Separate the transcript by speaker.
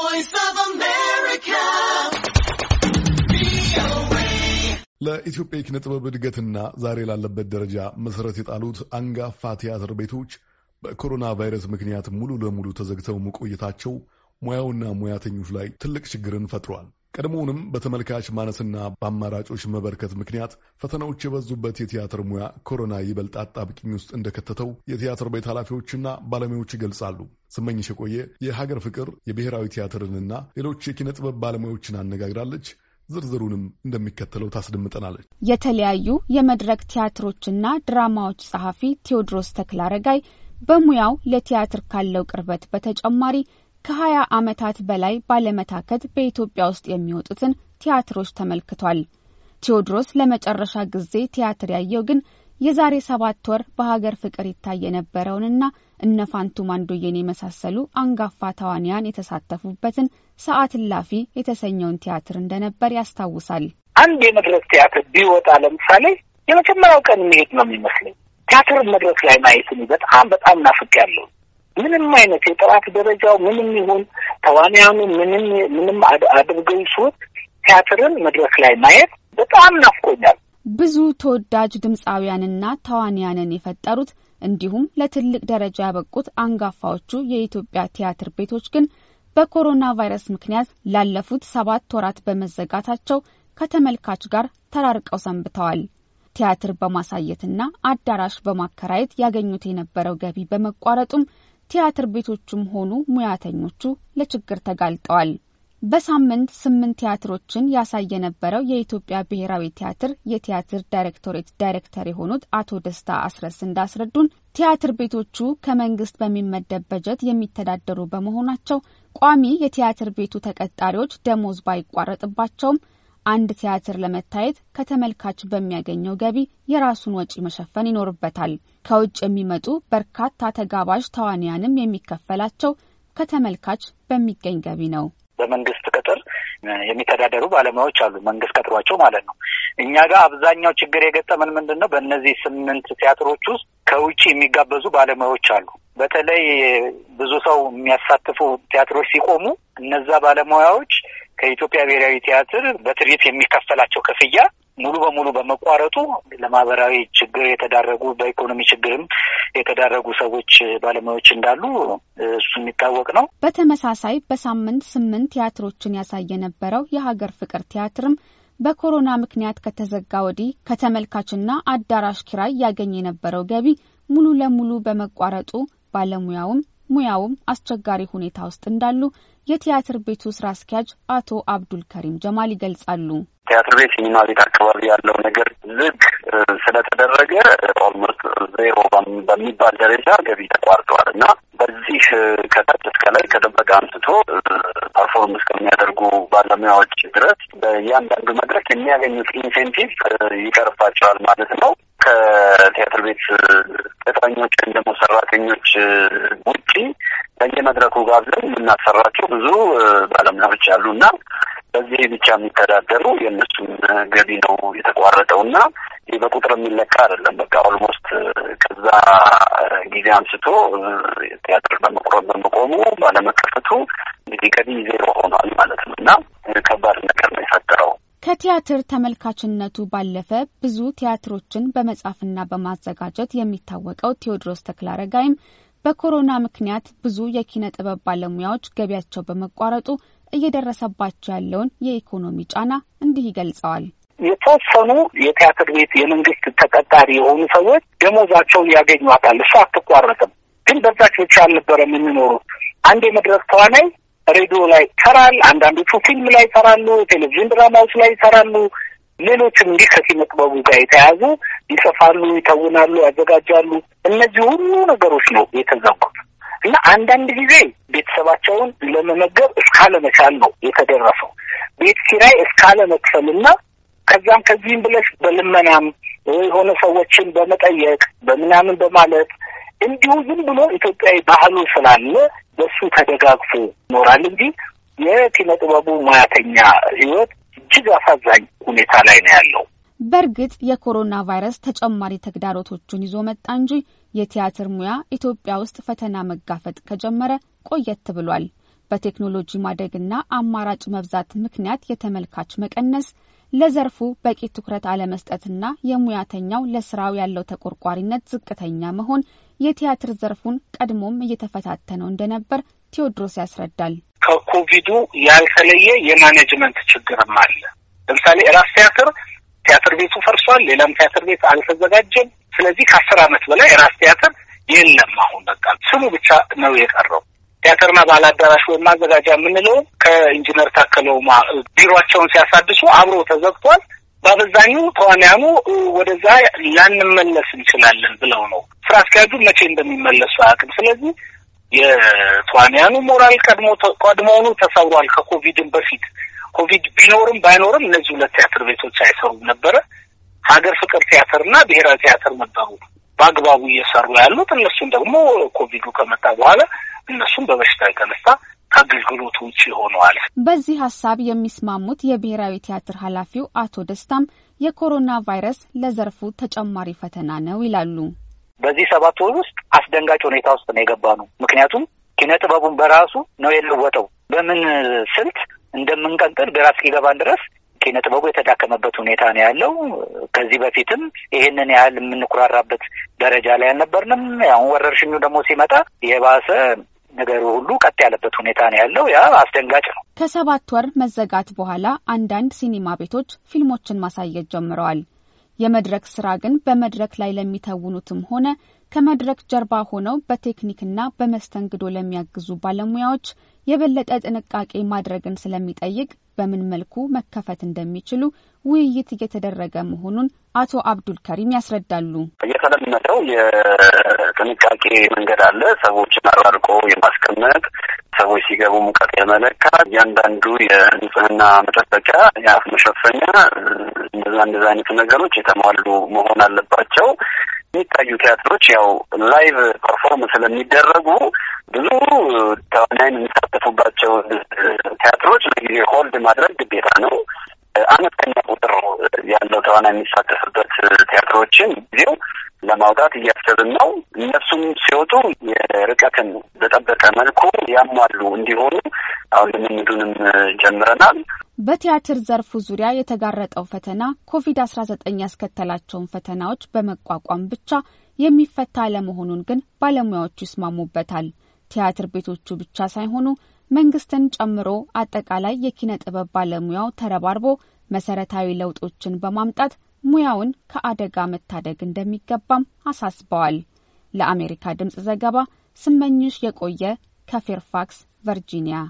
Speaker 1: voice of America.
Speaker 2: ለኢትዮጵያ የኪነ ጥበብ እድገትና ዛሬ ላለበት ደረጃ መሰረት የጣሉት አንጋፋ ቲያትር ቤቶች በኮሮና ቫይረስ ምክንያት ሙሉ ለሙሉ ተዘግተው መቆየታቸው ሙያውና ሙያተኞች ላይ ትልቅ ችግርን ፈጥሯል። ቀድሞውንም በተመልካች ማነስና በአማራጮች መበርከት ምክንያት ፈተናዎች የበዙበት የቲያትር ሙያ ኮሮና ይበልጥ አጣብቂኝ ውስጥ እንደከተተው የቲያትር ቤት ኃላፊዎችና ባለሙያዎች ይገልጻሉ። ስመኝሽ የቆየ የሀገር ፍቅር የብሔራዊ ቲያትርንና ሌሎች የኪነ ጥበብ ባለሙያዎችን አነጋግራለች። ዝርዝሩንም እንደሚከተለው ታስደምጠናለች።
Speaker 3: የተለያዩ የመድረክ ቲያትሮችና ድራማዎች ጸሐፊ ቴዎድሮስ ተክላረጋይ በሙያው ለቲያትር ካለው ቅርበት በተጨማሪ ከ20 ዓመታት በላይ ባለመታከት በኢትዮጵያ ውስጥ የሚወጡትን ቲያትሮች ተመልክቷል። ቴዎድሮስ ለመጨረሻ ጊዜ ቲያትር ያየው ግን የዛሬ ሰባት ወር በሀገር ፍቅር ይታይ የነበረውንና እነ ፋንቱ ማንዶዬን የመሳሰሉ አንጋፋ ተዋንያን የተሳተፉበትን ሰዓት ላፊ የተሰኘውን ቲያትር እንደነበር ያስታውሳል። አንድ የመድረክ
Speaker 1: ቲያትር ቢወጣ ለምሳሌ የመጀመሪያው ቀን የሚሄድ ነው የሚመስለኝ። ቲያትር መድረክ ላይ ማየት በጣም በጣም ያለው ምንም አይነት የጥራት ደረጃው ምንም ይሁን ተዋንያኑ ምንም ምንም አድርገው ይሱት ቲያትርን መድረክ ላይ ማየት በጣም
Speaker 3: ናፍቆኛል። ብዙ ተወዳጅ ድምፃውያንና ተዋንያንን የፈጠሩት እንዲሁም ለትልቅ ደረጃ ያበቁት አንጋፋዎቹ የኢትዮጵያ ቲያትር ቤቶች ግን በኮሮና ቫይረስ ምክንያት ላለፉት ሰባት ወራት በመዘጋታቸው ከተመልካች ጋር ተራርቀው ሰንብተዋል። ቲያትር በማሳየትና አዳራሽ በማከራየት ያገኙት የነበረው ገቢ በመቋረጡም ቲያትር ቤቶቹም ሆኑ ሙያተኞቹ ለችግር ተጋልጠዋል። በሳምንት ስምንት ቲያትሮችን ያሳይ የነበረው የኢትዮጵያ ብሔራዊ ቲያትር የቲያትር ዳይሬክቶሬት ዳይሬክተር የሆኑት አቶ ደስታ አስረስ እንዳስረዱን ቲያትር ቤቶቹ ከመንግስት በሚመደብ በጀት የሚተዳደሩ በመሆናቸው ቋሚ የቲያትር ቤቱ ተቀጣሪዎች ደሞዝ ባይቋረጥባቸውም አንድ ቲያትር ለመታየት ከተመልካች በሚያገኘው ገቢ የራሱን ወጪ መሸፈን ይኖርበታል። ከውጭ የሚመጡ በርካታ ተጋባዥ ተዋንያንም የሚከፈላቸው ከተመልካች በሚገኝ ገቢ ነው።
Speaker 1: በመንግስት ቅጥር የሚተዳደሩ ባለሙያዎች አሉ፣ መንግስት ቀጥሯቸው ማለት ነው። እኛ ጋር አብዛኛው ችግር የገጠመን ምንድን ነው? በእነዚህ ስምንት ቲያትሮች ውስጥ ከውጭ የሚጋበዙ ባለሙያዎች አሉ። በተለይ ብዙ ሰው የሚያሳትፉ ቲያትሮች ሲቆሙ እነዛ ባለሙያዎች ከኢትዮጵያ ብሔራዊ ቲያትር በትርኢት የሚከፈላቸው ክፍያ ሙሉ በሙሉ በመቋረጡ ለማህበራዊ ችግር የተዳረጉ በኢኮኖሚ ችግርም የተዳረጉ ሰዎች ባለሙያዎች እንዳሉ እሱ የሚታወቅ ነው።
Speaker 3: በተመሳሳይ በሳምንት ስምንት ቲያትሮችን ያሳይ የነበረው የሀገር ፍቅር ቲያትርም በኮሮና ምክንያት ከተዘጋ ወዲህ ከተመልካችና አዳራሽ ኪራይ ያገኝ የነበረው ገቢ ሙሉ ለሙሉ በመቋረጡ ባለሙያውም ሙያውም አስቸጋሪ ሁኔታ ውስጥ እንዳሉ የቲያትር ቤቱ ስራ አስኪያጅ አቶ አብዱል ከሪም ጀማል ይገልጻሉ።
Speaker 2: ቲያትር ቤት ሲኒማ ቤት አካባቢ ያለው ነገር ዝግ ስለተደረገ ኦልሞስት ዜሮ በሚባል ደረጃ ገቢ ተቋርጠዋል እና በዚህ ከታች እስከ ላይ ከጥበቃ አንስቶ ፐርፎርም እስከሚያ ባለሙያዎች ድረስ በእያንዳንዱ መድረክ የሚያገኙት ኢንሴንቲቭ ይቀርባቸዋል ማለት ነው። ከቲያትር ቤት ቅጥረኞች ወይም ደግሞ ሰራተኞች ውጪ በየመድረኩ ጋብዘን የምናሰራቸው ብዙ ባለሙያዎች አሉ እና በዚህ ብቻ የሚተዳደሩ የእነሱን ገቢ ነው የተቋረጠው እና ይህ በቁጥር የሚለካ አይደለም። በቃ ኦልሞስት ከዛ ጊዜ አንስቶ ቲያትር በመቁረብ በመቆሙ ባለመከፈቱ እንግዲህ
Speaker 1: ገቢ ዜሮ ሆኗል ማለት
Speaker 3: ከቲያትር ተመልካችነቱ ባለፈ ብዙ ቲያትሮችን በመጻፍና በማዘጋጀት የሚታወቀው ቴዎድሮስ ተክለአረጋይም በኮሮና ምክንያት ብዙ የኪነ ጥበብ ባለሙያዎች ገቢያቸው በመቋረጡ እየደረሰባቸው ያለውን የኢኮኖሚ ጫና እንዲህ ይገልጸዋል።
Speaker 1: የተወሰኑ የቲያትር ቤት የመንግስት ተቀጣሪ የሆኑ ሰዎች ደሞዛቸውን ያገኟታል። እሱ አትቋረጥም። ግን በዛች ብቻ አልነበረም የሚኖሩት። አንድ የመድረክ ተዋናይ ሬዲዮ ላይ ይሰራል። አንዳንዶቹ ፊልም ላይ ይሰራሉ፣ ቴሌቪዥን ድራማዎች ላይ ይሰራሉ። ሌሎችም እንዲህ ከኪነ ጥበቡ ጋር የተያዙ ይጽፋሉ፣ ይተውናሉ፣ ያዘጋጃሉ። እነዚህ ሁሉ ነገሮች ነው የተዘጉት እና አንዳንድ ጊዜ ቤተሰባቸውን ለመመገብ እስካለመቻል ነው የተደረሰው። ቤት ኪራይ እስካለመክፈልና ከዛም ከዚህም ብለሽ በልመናም የሆነ ሰዎችን በመጠየቅ በምናምን በማለት እንዲሁ ዝም ብሎ ኢትዮጵያዊ ባህሉ ስላለ በሱ ተደጋግፎ ይኖራል እንጂ የኪነ ጥበቡ ሙያተኛ ህይወት እጅግ አሳዛኝ ሁኔታ ላይ ነው ያለው።
Speaker 3: በእርግጥ የኮሮና ቫይረስ ተጨማሪ ተግዳሮቶቹን ይዞ መጣ እንጂ የቲያትር ሙያ ኢትዮጵያ ውስጥ ፈተና መጋፈጥ ከጀመረ ቆየት ብሏል። በቴክኖሎጂ ማደግና አማራጭ መብዛት ምክንያት የተመልካች መቀነስ፣ ለዘርፉ በቂ ትኩረት አለመስጠትና የሙያተኛው ለስራው ያለው ተቆርቋሪነት ዝቅተኛ መሆን የቲያትር ዘርፉን ቀድሞም እየተፈታተነው እንደነበር ቴዎድሮስ ያስረዳል።
Speaker 1: ከኮቪዱ ያልተለየ የማኔጅመንት ችግርም አለ። ለምሳሌ ራስ ቲያትር ቲያትር ቤቱ ፈርሷል። ሌላም ቲያትር ቤት አልተዘጋጀም። ስለዚህ ከአስር ዓመት በላይ ራስ ቲያትር የለም። አሁን በቃ ስሙ ብቻ ነው የቀረው። ቲያትርና ባህል አዳራሽ ወይም ማዘጋጃ የምንለውም ከኢንጂነር ታከለው ቢሮቸውን ሲያሳድሱ አብሮ ተዘግቷል። በአብዛኙ ተዋንያኑ ወደዛ ላንመለስ እንችላለን ብለው ነው። ስራ አስኪያጁ መቼ እንደሚመለሱ አያውቅም። ስለዚህ የተዋንያኑ ሞራል ቀድሞ ቀድሞውኑ ተሰብሯል። ከኮቪድን በፊት ኮቪድ ቢኖርም ባይኖርም እነዚህ ሁለት ቲያትር ቤቶች አይሰሩም ነበረ። ሀገር ፍቅር ቲያትርና ብሔራዊ ቲያትር ነበሩ በአግባቡ እየሰሩ ያሉት። እነሱን ደግሞ ኮቪዱ ከመጣ በኋላ እነሱም በበሽታ የተነሳ ከአገልግሎት ውጭ ሆነዋል።
Speaker 3: በዚህ ሀሳብ የሚስማሙት የብሔራዊ ቲያትር ኃላፊው አቶ ደስታም የኮሮና ቫይረስ ለዘርፉ ተጨማሪ ፈተና ነው ይላሉ።
Speaker 1: በዚህ ሰባት ወር ውስጥ አስደንጋጭ ሁኔታ ውስጥ ነው የገባ ነው። ምክንያቱም ኪነ ጥበቡን በራሱ ነው የለወጠው። በምን ስልት እንደምንቀንጥል ግራ እስኪገባን ድረስ ኪነ ጥበቡ የተዳከመበት ሁኔታ ነው ያለው። ከዚህ በፊትም ይሄንን ያህል የምንኩራራበት ደረጃ ላይ አልነበርንም። ያሁን ወረርሽኙ ደግሞ ሲመጣ የባሰ ነገሩ ሁሉ ቀጥ ያለበት ሁኔታ ነው ያለው። ያ አስደንጋጭ ነው።
Speaker 3: ከሰባት ወር መዘጋት በኋላ አንዳንድ ሲኒማ ቤቶች ፊልሞችን ማሳየት ጀምረዋል። የመድረክ ስራ ግን በመድረክ ላይ ለሚተውኑትም ሆነ ከመድረክ ጀርባ ሆነው በቴክኒክና በመስተንግዶ ለሚያግዙ ባለሙያዎች የበለጠ ጥንቃቄ ማድረግን ስለሚጠይቅ በምን መልኩ መከፈት እንደሚችሉ ውይይት እየተደረገ መሆኑን አቶ አብዱል ከሪም ያስረዳሉ።
Speaker 2: እየተለመደው የጥንቃቄ መንገድ አለ። ሰዎችን አራርቆ የማስቀመጥ ሰዎች ሲገቡ ሙቀት የመለካት እያንዳንዱ የንጽህና መጠበቂያ፣ የአፍ መሸፈኛ እንደዛ እንደዛ አይነት ነገሮች የተሟሉ መሆን አለባቸው። የሚታዩ ቲያትሮች ያው ላይቭ ፐርፎርም ስለሚደረጉ ብዙ ተዋናይን የሚሳተፉባቸው ቲያትሮች ለጊዜ ሆልድ ማድረግ ግዴታ ነው። አነስተኛ ቁጥር ያለው ተዋናይ የሚሳተፍበት ቲያትሮችን ጊዜው ለማውጣት እያሰብን ነው። እነሱም ሲወጡ የርቀትን በጠበቀ መልኩ ያሟሉ እንዲሆኑ አሁን ልምምዱንም ጀምረናል።
Speaker 3: በቲያትር ዘርፉ ዙሪያ የተጋረጠው ፈተና ኮቪድ-19 ያስከተላቸውን ፈተናዎች በመቋቋም ብቻ የሚፈታ አለመሆኑን ግን ባለሙያዎቹ ይስማሙበታል። ቲያትር ቤቶቹ ብቻ ሳይሆኑ መንግስትን ጨምሮ አጠቃላይ የኪነ ጥበብ ባለሙያው ተረባርቦ መሰረታዊ ለውጦችን በማምጣት ሙያውን ከአደጋ መታደግ እንደሚገባም አሳስበዋል። ለአሜሪካ ድምፅ ዘገባ ስመኝሽ የቆየ ከፌርፋክስ ቨርጂኒያ